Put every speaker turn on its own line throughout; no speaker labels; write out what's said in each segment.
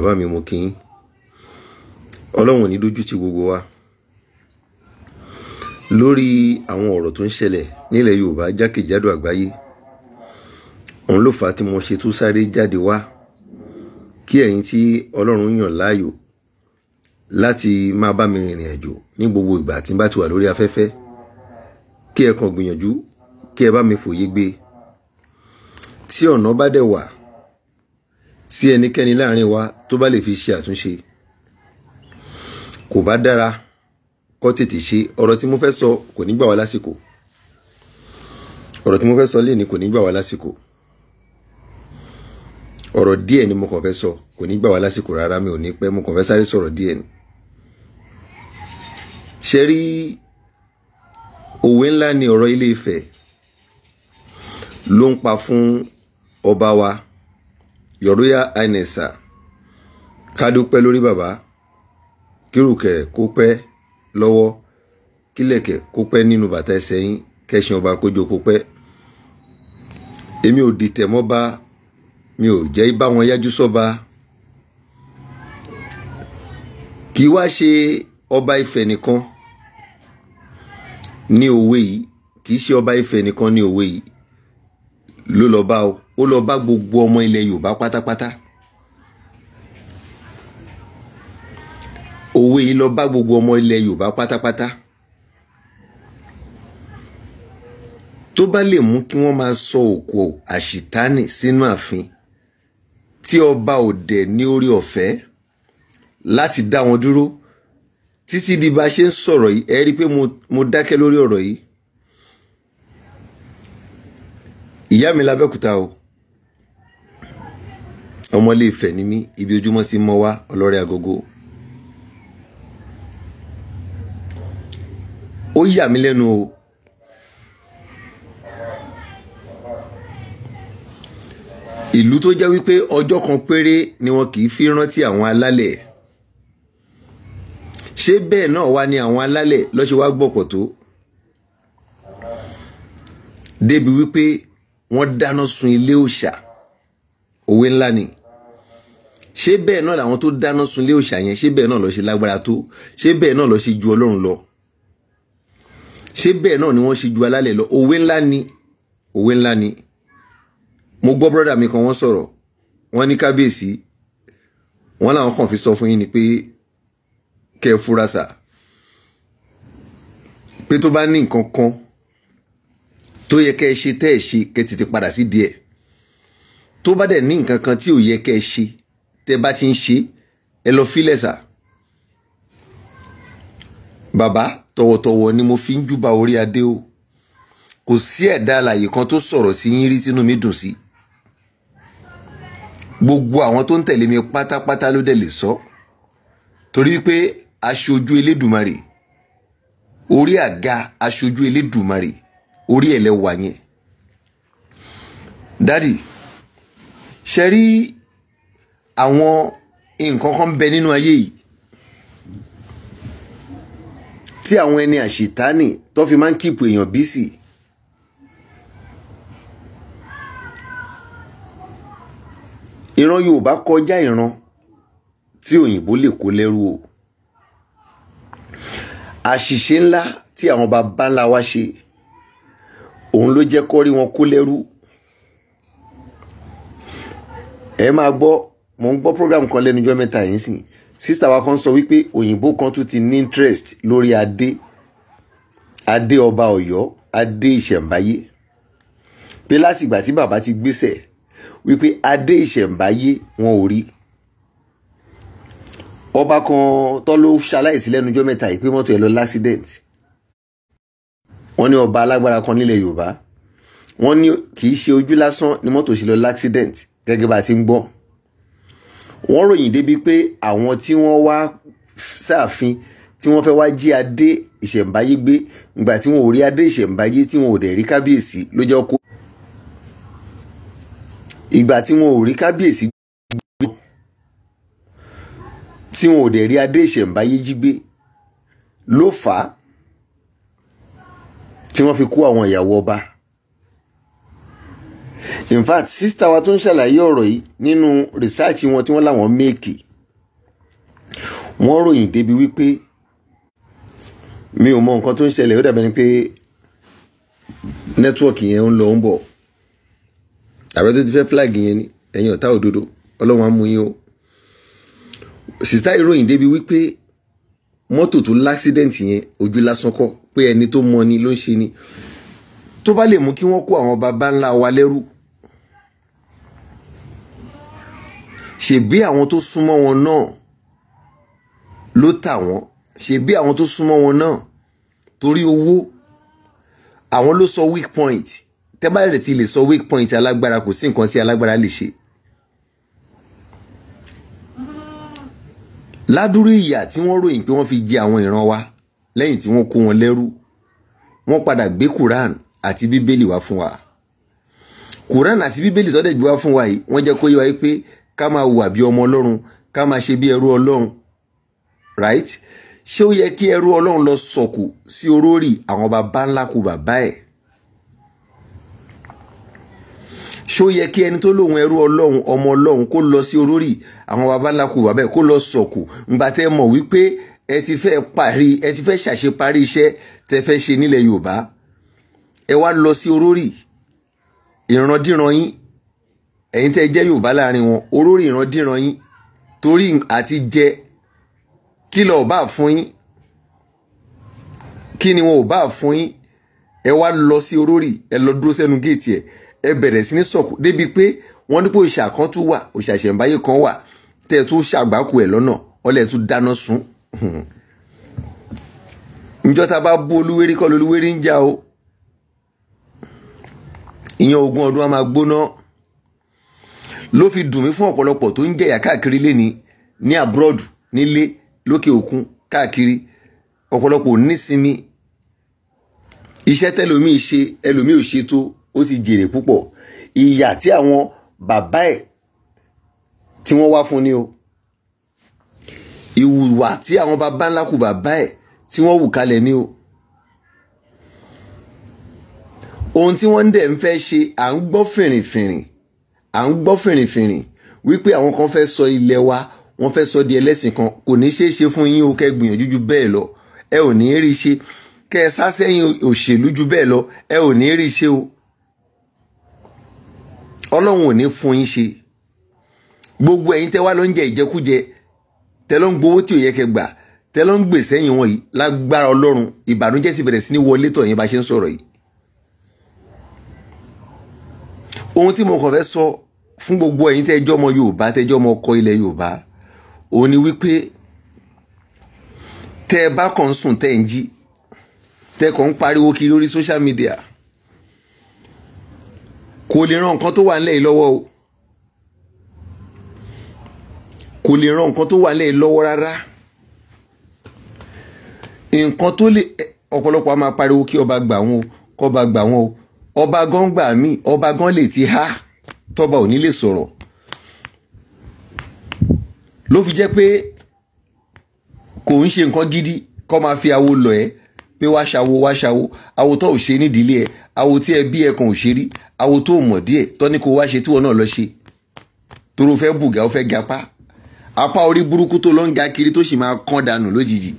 bàbá mi mo kí yín ọlọ́run ò ní dójú ti gbogbo wa lórí àwọn ọ̀rọ̀ tó ń ṣẹlẹ̀ nílẹ̀ yorùbá jákèjádò àgbáyé òun ló fà á tí mo ṣe tún sáré jáde wá kí ẹ̀yin tí ọlọ́run yàn láàyò láti máa bá mi rìnrìn àjò ní gbogbo ìgbà tí n bá ti wà lórí afẹ́fẹ́ kí ẹ kàn gbìyànjú kí ẹ bá mi fòye gbé tí ọ̀nà bá dẹ̀ wà sí ẹnikẹ́ni láàrin wa tó bá lè fi ṣe àtúnṣe kò bá dára kó tètè ṣe ọ̀rọ̀ tí mo fẹ́ sọ kò ní gbà wá lásìkò ọ̀rọ̀ tí mo fẹ́ sọ léèní kò ní gbà wá lásìkò ọ̀rọ̀ díẹ̀ ni mo kàn fẹ́ sọ kò ní gbà wá lásìkò rárá mi ò ní pẹ́ mo kàn fẹ́ sáré sọ̀rọ̀ díẹ̀ ni ṣe rí òwe ńlá ni ọ̀rọ̀ Ilé Ifẹ̀ ló ń pa fún ọba wa your royal highness sir ká dúpẹ́ lórí bàbá kírùkẹ̀rẹ̀ kó pẹ́ lọ́wọ́ kílẹ̀kẹ̀ kó pẹ́ nínú bàtà ẹsẹ̀ yín kẹ́sìn ọba kójó kó pẹ́ èmi ò dìtẹ̀ mọ́ bá mi ò jẹ́ bá wọn yájú sọ́ba kì í wá ṣe ọba Ifẹ̀ nìkan ní òwe yìí kì í ṣe ọba Ifẹ̀ nìkan ní òwe yìí ló lọ bá o ó lọ bá gbogbo ọmọ ilẹ̀ Yorùbá pátápátá òwe yìí lọ bá gbogbo ọmọ ilẹ̀ Yorùbá pátápátá tó bá lè mú kí wọ́n máa sọ òkò àṣìtánì sínú ààfin tí ọba òdẹ ní orí ọ̀fẹ́ láti dá wọn dúró títí di bá a ṣe ń sọ̀rọ̀ yìí ẹ pé mo dákẹ́ lórí ọ̀rọ̀ yìí ìyá mi lábẹ́kúta o ọmọ ilé Ifẹ̀ ni mí ibi ojúmọ́ sí mọ́ wá ọlọ́rẹ́ agogo ó yà mí lẹ́nu o ìlú tó jẹ́ wípé ọjọ́ kan péré ni wọn kì í fi rántí àwọn alálẹ̀ ṣé bẹ́ẹ̀ náà wá ní àwọn alálẹ̀ lọ́sẹ̀ wá gbọ̀pọ̀ tó débi wípé wọ́n dáná sun ilé òòṣà òwe ńlá ni ṣé bẹ́ẹ̀ náà làwọn tó dáná sunlé òòṣà yẹn ṣé bẹ́ẹ̀ náà ló ṣe lágbára tó ṣé bẹ́ẹ̀ náà ló ṣe ju ọlọ́run lọ ṣé bẹ́ẹ̀ náà ni wọ́n ṣe ju alálẹ̀ lọ òwe ńlá ni òwe ńlá ni mo gbọ́ brọ́dà mi kan wọ́n sọ̀rọ̀ wọ́n ní kábíyèsí wọ́n làwọn kàn fi sọ fún yín ni pé kẹ́ ẹ fura sà pé tó bá ní nǹkan kan tó yẹ kẹ́ ẹ ṣe tẹ́ ẹ ṣe kẹ́ ẹ ti padà sí díẹ̀ tó bá dẹ̀ ní nǹkan kan tí ò yẹ kẹ́ ẹ ṣe tẹ bá ti ń ṣe ẹ lọ fílẹ̀ sà. bàbá tọ̀wọ̀tọ̀wọ̀ ni mo fi ń júbà orí adé o kò sí ẹ̀dá alàyè kan tó sọ̀rọ̀ sí yín rí tínú mi dùn sí. gbogbo àwọn tó ń tẹ̀lé mi pátápátá ló dẹ̀ lè sọ torí pé aṣojú elédùmarè orí àga aṣojú elédùmarè orí ẹ̀lẹ́wà yẹn. dádì ṣe rí àwọn nǹkan kan bẹ nínú ayé yìí tí àwọn ẹni àṣetánì tó fi máa ń kíìpù èèyàn bí sí. ìran Yorùbá kọjá ìran tí òyìnbó lè kó lẹ́rú o àṣìṣe ńlá tí àwọn bàbá ńlá wa ṣe òun ló jẹ́ kó rí wọn kó lẹ́rú ẹ máa gbọ́ mo ń gbọ́ program kan lẹ́nujọ́ mẹ́ta yìí sìn sista wa kan sọ wípé òyìnbó kan tún ti ní interest lórí adé adé ọba Ọ̀yọ́ adé ìṣẹ̀ǹbáyé pé láti ìgbà tí bàbá ti gbéṣẹ̀ wípé adé ìṣẹ̀ǹbáyé wọn ò rí ọba kan tó ló ṣaláìsí lẹ́nujọ́ mẹ́ta yìí pé mọ́tò ẹ̀ lọ lásídẹ̀ǹtì wọ́n ní ọba alágbára kan nílẹ̀ Yorùbá wọ́n ní kì í ṣe ojú lásán ni mọ́tò ṣe lọ lásídẹ̀ǹtì gẹ́gẹ́ bá a ti ń gbọ́n wọ́n ròyìn débi pé àwọn tí wọ́n wá sáàfin tí wọ́n fẹ́ wá jí adé ìṣẹ̀ǹbáyé gbé ìgbà tí wọn ò rí adé ìṣẹ̀ǹbáyé tí wọn ò dẹ̀ rí kábíyèsí ló jẹ́ kó ìgbà tí wọn ò rí kábíyèsí gbé tí wọn ò dẹ̀ rí adé ìṣẹ̀ǹbáyé jí gbé ló fà á tí wọ́n fi kó àwọn ìyàwó ọba in fact sísítà wa tó ń ṣàlàyé ọ̀rọ̀ yìí nínú rìsáàcì wọn tí wọ́n láwọn méèkì wọ́n ròyìn débi wípé mi ò mọ nǹkan tó ń ṣẹlẹ̀ ó dàbẹ̀ ni pé nẹ́tíwọ̀kì yẹn ń lọ ń bọ̀ àbẹ́ tó ti fẹ́ fúláàgì yẹn ni ẹ̀yin ọ̀tá òdodo ọlọ́run á mú yín o sísítà ìròyìn débi wípé mọ́tò tó láksidẹ̀ntì yẹn ojú lásán kọ́ pé ẹni tó mọ ni ló ń ṣe ni tó bá lè mú kí wọ́n kó àwọn baba ńlá wa lẹ́rú ṣèbí àwọn tó súnmọ́ wọn náà ló tà wọ́n ṣèbí àwọn tó súnmọ́ wọn náà torí owó àwọn ló sọ weak point tẹ́ bá rẹ̀ ti lè sọ weak point alágbára kò sí nǹkan tí alágbára lè ṣe. ládùúrú ìyà tí wọ́n ròyìn pé wọ́n fi jẹ àwọn ìran wa lẹ́yìn tí wọ́n kó wọn lẹ́rú wọ́n padà gbé Quran àti bíbélì wá fún wa Quran àti bíbélì tó dẹ̀ gbé wá fún wa yìí wọ́n jẹ́ kó yé wa pé ká máa hùwà bí ọmọ ọlọ́run ká máa ṣe bí ẹrú ọlọ́run right ṣé ó yẹ kí ẹrú ọlọ́run lọ sọ̀kù sí orórì àwọn baba ńlá kù bàbá ẹ̀ ṣé ó yẹ kí ẹni tó lóun ẹrú ọlọ́run ọmọ ọlọ́run kó lọ sí orórì àwọn baba ńlá kù bàbá ẹ̀ kó lọ sọ̀kù ńgbà tẹ́ mọ̀ wípé ẹ ti fẹ́ parí ẹ ti fẹ́ ṣàṣeparí iṣẹ́ tẹ́ fẹ́ ṣe nílẹ̀ yorùbá ẹ wá lọ sí orórì ìrandíran yín ẹ̀yin tẹ́ jẹ́ Yorùbá láàrin wọn orórì ìrandíran yín torí àti jẹ kílọ̀ ò bá fún yín kí ni wọn ò bá fún yín ẹ wá lọ sí orórì ẹ lọ dúró sẹ́nu géètì ẹ̀ ẹ bẹ̀rẹ̀ sí ní sọ̀kù débi pé wọ́n dípò òṣà kan tún wà òṣà kan wà tẹ́ ẹ tún ṣàgbákò ẹ̀ lọ́nà ọlẹ́ tún dáná sun njọ́ ta bá bú olúwerí kọ́ lolúwerí ń jà o ìyẹn ogún ọdún a máa gbóná. No ló fi dùn mí fún ọ̀pọ̀lọpọ̀ tó ń jẹ̀yà káàkiri lé ní ní abroad nílé lókè òkun káàkiri ọ̀pọ̀lọpọ̀ nísinmi iṣẹ́ tẹ́lòmíì ṣe ẹlòmíì ò ṣe tó ó ti jèrè púpọ̀ ìyà tí àwọn bàbá ẹ̀ tí wọ́n wá fún ni o ìwùwà tí àwọn bàbá ńlá kù bàbá ẹ̀ tí wọ́n wù kalẹ̀ ni o ohun tí wọ́n ń dẹ̀ ń fẹ́ ṣe à ń gbọ́ fìrìfìrì à ń gbọ́ fìrìfìrìn wípé àwọn kan fẹ́ sọ ilẹ̀ wa wọ́n fẹ́ sọ di ẹlẹ́sìn kan kò ní ṣeé ṣe fún yín o kẹ́ gbìyànjú ju bẹ́ẹ̀ lọ ẹ ò ní rí ṣe kẹ́ ẹ sá sẹ́yìn òṣèlú ju bẹ́ẹ̀ lọ ẹ ò ní rí ṣe o ọlọ́run ò ní fún yín ṣe gbogbo ẹ̀yin tẹ́ wá ló ń jẹ ìjẹkújẹ tẹ́ ló ń gbowó tí ò yẹ kẹ́ gbà tẹ́ ló ń gbèsè ẹ̀yìn wọn yìí lágbára ọlọ́run ìbànújẹ́ ti bẹ̀rẹ̀ sí ní wọlé tọ̀ bá ṣe ń sọ̀rọ̀ yìí ohun tí mo kàn fẹ́ sọ fún gbogbo ẹ̀yin tẹ́jọ́ ọmọ Yorùbá tẹ́jọ́ ọmọ ọkọ ilẹ̀ Yorùbá òun ni wípé tẹ́ ẹ bá kàn ń sùn tẹ́ ẹ ń jí tẹ́ kàn ń pariwo kiri lórí social media kò lè ran nǹkan tó wà nílẹ̀ yìí lọ́wọ́ o kò lè ran nǹkan tó wà nílẹ̀ yìí lọ́wọ́ rárá nǹkan tó lè ọ̀pọ̀lọpọ̀ a máa pariwo kí ọba gbà wọn o kọba gbà wọn o ọba gan gbà mí ọba gan lè ti há tọba ò ní lè sọ̀rọ̀ ló fi jẹ́ pé kò ń ṣe nǹkan gidi kọ́ máa fi awo lọ ẹ́ pé wá ṣawo wá ṣawo awo tó ò ṣe nídìílé ẹ awo tí ẹ bí ẹkàn ò ṣe rí awo tó ò mọ̀ díẹ̀ tọ́ kò wá ṣe tíwọ́ náà lọ ṣe toro fẹ́ bùgà ó fẹ́ gapá apá orí burúkú tó lọ ń ga kiri tó sì máa kán dànù lójijì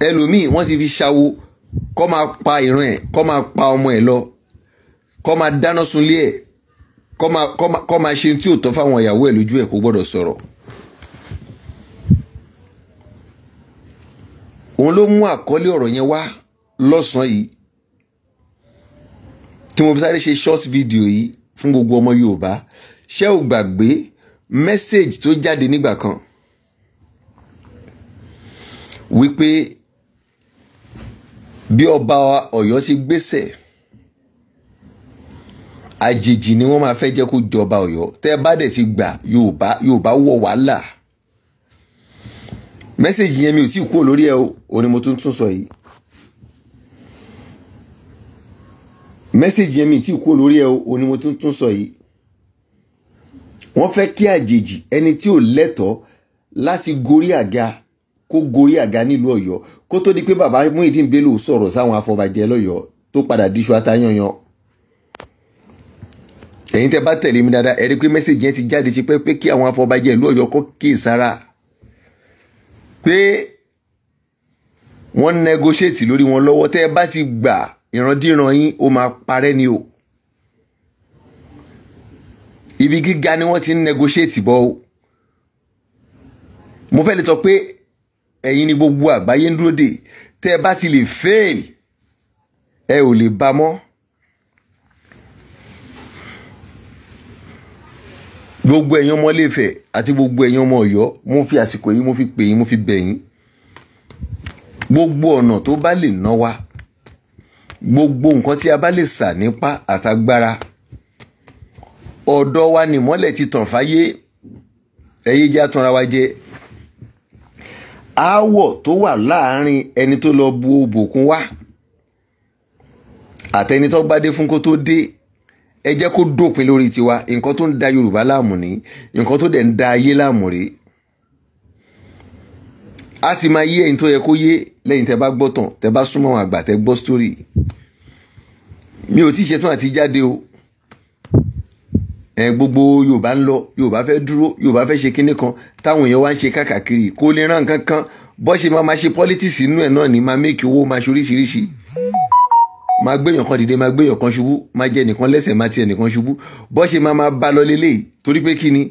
ẹlòmíì wọ́n ti fi ṣàwo kó máa pa ìran ẹ̀ kó máa pa ọmọ ẹ̀ lọ kó máa dáná sunlé ẹ̀ kó máa kó máa kó máa ṣe tí ò tọ́ fáwọn ìyàwó ẹ̀ lójú ẹ̀ kó gbọ́dọ̀ sọ̀rọ̀. òun ló mú àkọ́lé ọ̀rọ̀ yẹn wá lọ́sàn-án yìí tí mo fi sáré ṣe short video yìí fún gbogbo ọmọ Yorùbá ṣé ò gbàgbé message tó jáde nígbà kan wípé bí ọba Ọ̀yọ́ ti gbésẹ̀ àjèjì ni wọ́n máa fẹ́ jẹ́ kó jọba Ọ̀yọ́ tẹ́ bá dẹ̀ ti gbà Yorùbá Yorùbá wọ̀ wàhálà mẹ́sẹ̀gì yẹn mi ò tí ì kúrò lórí ẹ̀ o òní mo tún tún sọ yìí mẹ́sẹ̀gì yẹn mi ò tí ì lórí ẹ̀ o òní mo tún tún sọ yìí wọ́n fẹ́ kí àjèjì ẹni tí ò lẹ́tọ̀ọ́ láti gorí àga kó gorí àga nílùú Ọ̀yọ́ kó tó di pé bàbá Muyideen Bello sọ̀rọ̀ sáwọn afọbajẹ lọ́yọ̀ọ́ tó padà díṣu atayanyan ẹ̀yin tẹ́ bá tẹ̀lé mi dáadáa ẹ rí pé mẹ́sẹ̀gì yẹn ti jáde ti pẹ́ pé kí àwọn afọbajẹ ìlú Ọ̀yọ́ kó kíyèsára pé wọ́n negotiate lórí wọn lọ́wọ́ tẹ́ bá ti gbà ìrandíran yín ó máa parẹ́ ni o ibi gíga ni wọ́n ti ń negotiate bọ́ o mo fẹ́ lè sọ pé ẹ̀yin ni gbogbo àgbáyé ń dúró dè tẹ́ ẹ bá ti lè fail ẹ ò lè bá mọ́. gbogbo ẹ̀yin ọmọ Ilé-Ifẹ̀ àti gbogbo ẹ̀yin ọmọ Ọ̀yọ́ mo fi àsìkò yìí mo fi pè yín mo fi bẹ̀ yín gbogbo ọ̀nà tó bá lè ná wa gbogbo nǹkan tí a bá lè sà nípa àtagbára ọ̀dọ̀ wa nìmọ́lẹ̀ ti tàn fáyé ẹ̀yẹ́jà tanra wa jẹ aáwọ̀ tó wà láàárín ẹni tó lọ bu òbòkun wá àtẹni tó bá dé fún kó tó dé ẹ jẹ́ kó dópin lórí tiwa nǹkan tó ń da Yorùbá láàmú ni nǹkan tó dẹ̀ ń da ayé láàmú rèé a ti máa yé ẹyin tó yẹ kó yé lẹ́yìn tẹ́ bá gbọ́ tán tẹ́ bá súnmọ́ àgbà tẹ́ gbọ́ sítórì mi ò tí ì ṣetán àti jáde o ẹ gbogbo yorùbá ń lọ yorùbá fẹ́ dúró yorùbá fẹ́ ṣe kinní kan táwọn èèyàn wá ń ṣe káàkiri kó lè ràn kankan bọ́ ṣe máa ma ṣe politics inú ẹ̀ náà ni máa make owó máa ṣoríṣiríṣi máa gbéyàn kan dìde máa gbéyàn kan ṣubú máa jẹ ẹnìkan lẹ́sẹ̀ máa ti ẹnìkan ṣubú bọ́ ṣe máa máa bá lọ lélẹ̀ torí pé kí ni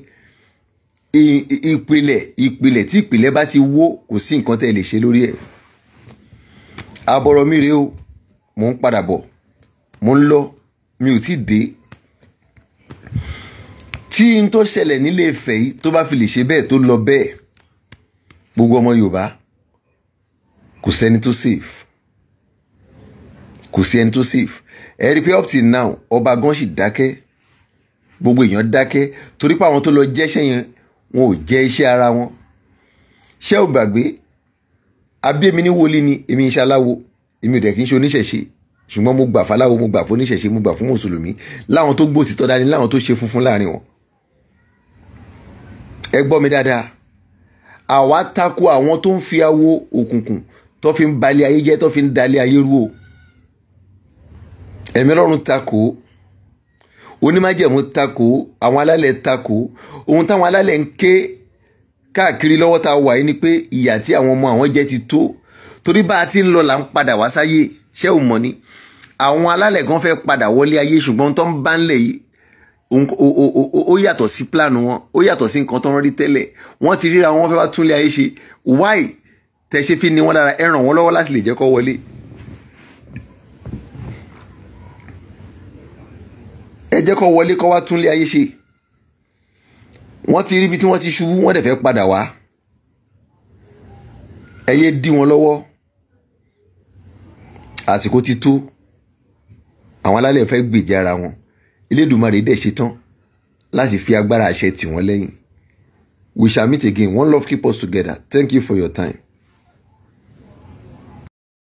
ìpìlẹ̀ ìpìlẹ̀ tí ìpìlẹ̀ bá ti wó kò sí nǹkan tẹ́ lè ṣe lórí ẹ̀ abọ́rọ̀ mi rèé o mò ń padà bọ̀ mò ń lọ mi ò tí ì dé tí n tó ṣẹlẹ̀ nílé Ifẹ̀ yìí tó bá fi lè ṣe bẹ́ẹ̀ tó lọ bẹ́ẹ̀ gbogbo ọmọ Yorùbá kò sẹ́ni tó safe kò sí ẹni tó safe ẹ rí i pé up till now ọba gan sì dákẹ́ gbogbo èèyàn dákẹ́ torí pé àwọn tó lọ jẹ́ṣẹ́ yẹn wọn ò jẹ́ iṣẹ́ ara wọn ṣé ò gbàgbé abíyẹmí ní wòlíì ni èmi ń ṣaláwo èmi ò dẹ̀ kí n ṣe oníṣẹ̀ṣe ṣùgbọ́n mo gbà fáláwo mo gbà fún oníṣẹ̀ṣe mo gbà fún mùsùlùmí láwọn tó gbòòtítọ́ dání láwọn tó ṣe funfun láàrin wọn ẹ gbọ́ mi dáadáa àwa tako àwọn tó ń fi awo òkùnkùn tó fi ń balẹ̀ ayé jẹ́ tó fi ń dalẹ̀ ayé rú o ẹ̀mí lọ́run tako onímájẹ̀mú tako àwọn alálẹ̀ tako ohun táwọn alálẹ̀ ń ké káàkiri lọ́wọ́ tá a wà yìí ni pé ìyà tí àwọn ọmọ àwọn jẹ́ ti tó torí bá a ti ń lọ là ń padà wá sáyé ṣé ò mọ̀ ni àwọn alálẹ̀ gan fẹ́ padà wọlé ayé ṣùgbọ́n tó ń bá ń lẹ̀ yìí ó yàtọ̀ sí plan wọn ó yàtọ̀ sí nǹkan tó ń rí tẹ́lẹ̀ wọ́n ti ríra wọn fẹ́ wá túnlé ayé ṣe why tẹ ṣe fi ni wọ́n lára ẹ ràn wọ́n lọ́wọ́ láti lè jẹ́ kó wọlé. ẹ jẹ́ kó wọlé kó wá túnlé ayé ṣe wọ́n ti rí ibi tí wọ́n ti ṣubú wọ́n dẹ̀ fẹ́ padà wá ẹ yé dí wọn lọ́wọ́ àsìkò ti tó àwọn alálẹ̀ fẹ́ gbèjà ara wọn. Elédùmarè dẹ̀ ṣetán láti fi agbára àṣẹ tì wọ́n lẹ́yìn. We shall meet again. One love keep us together. Thank you for your time.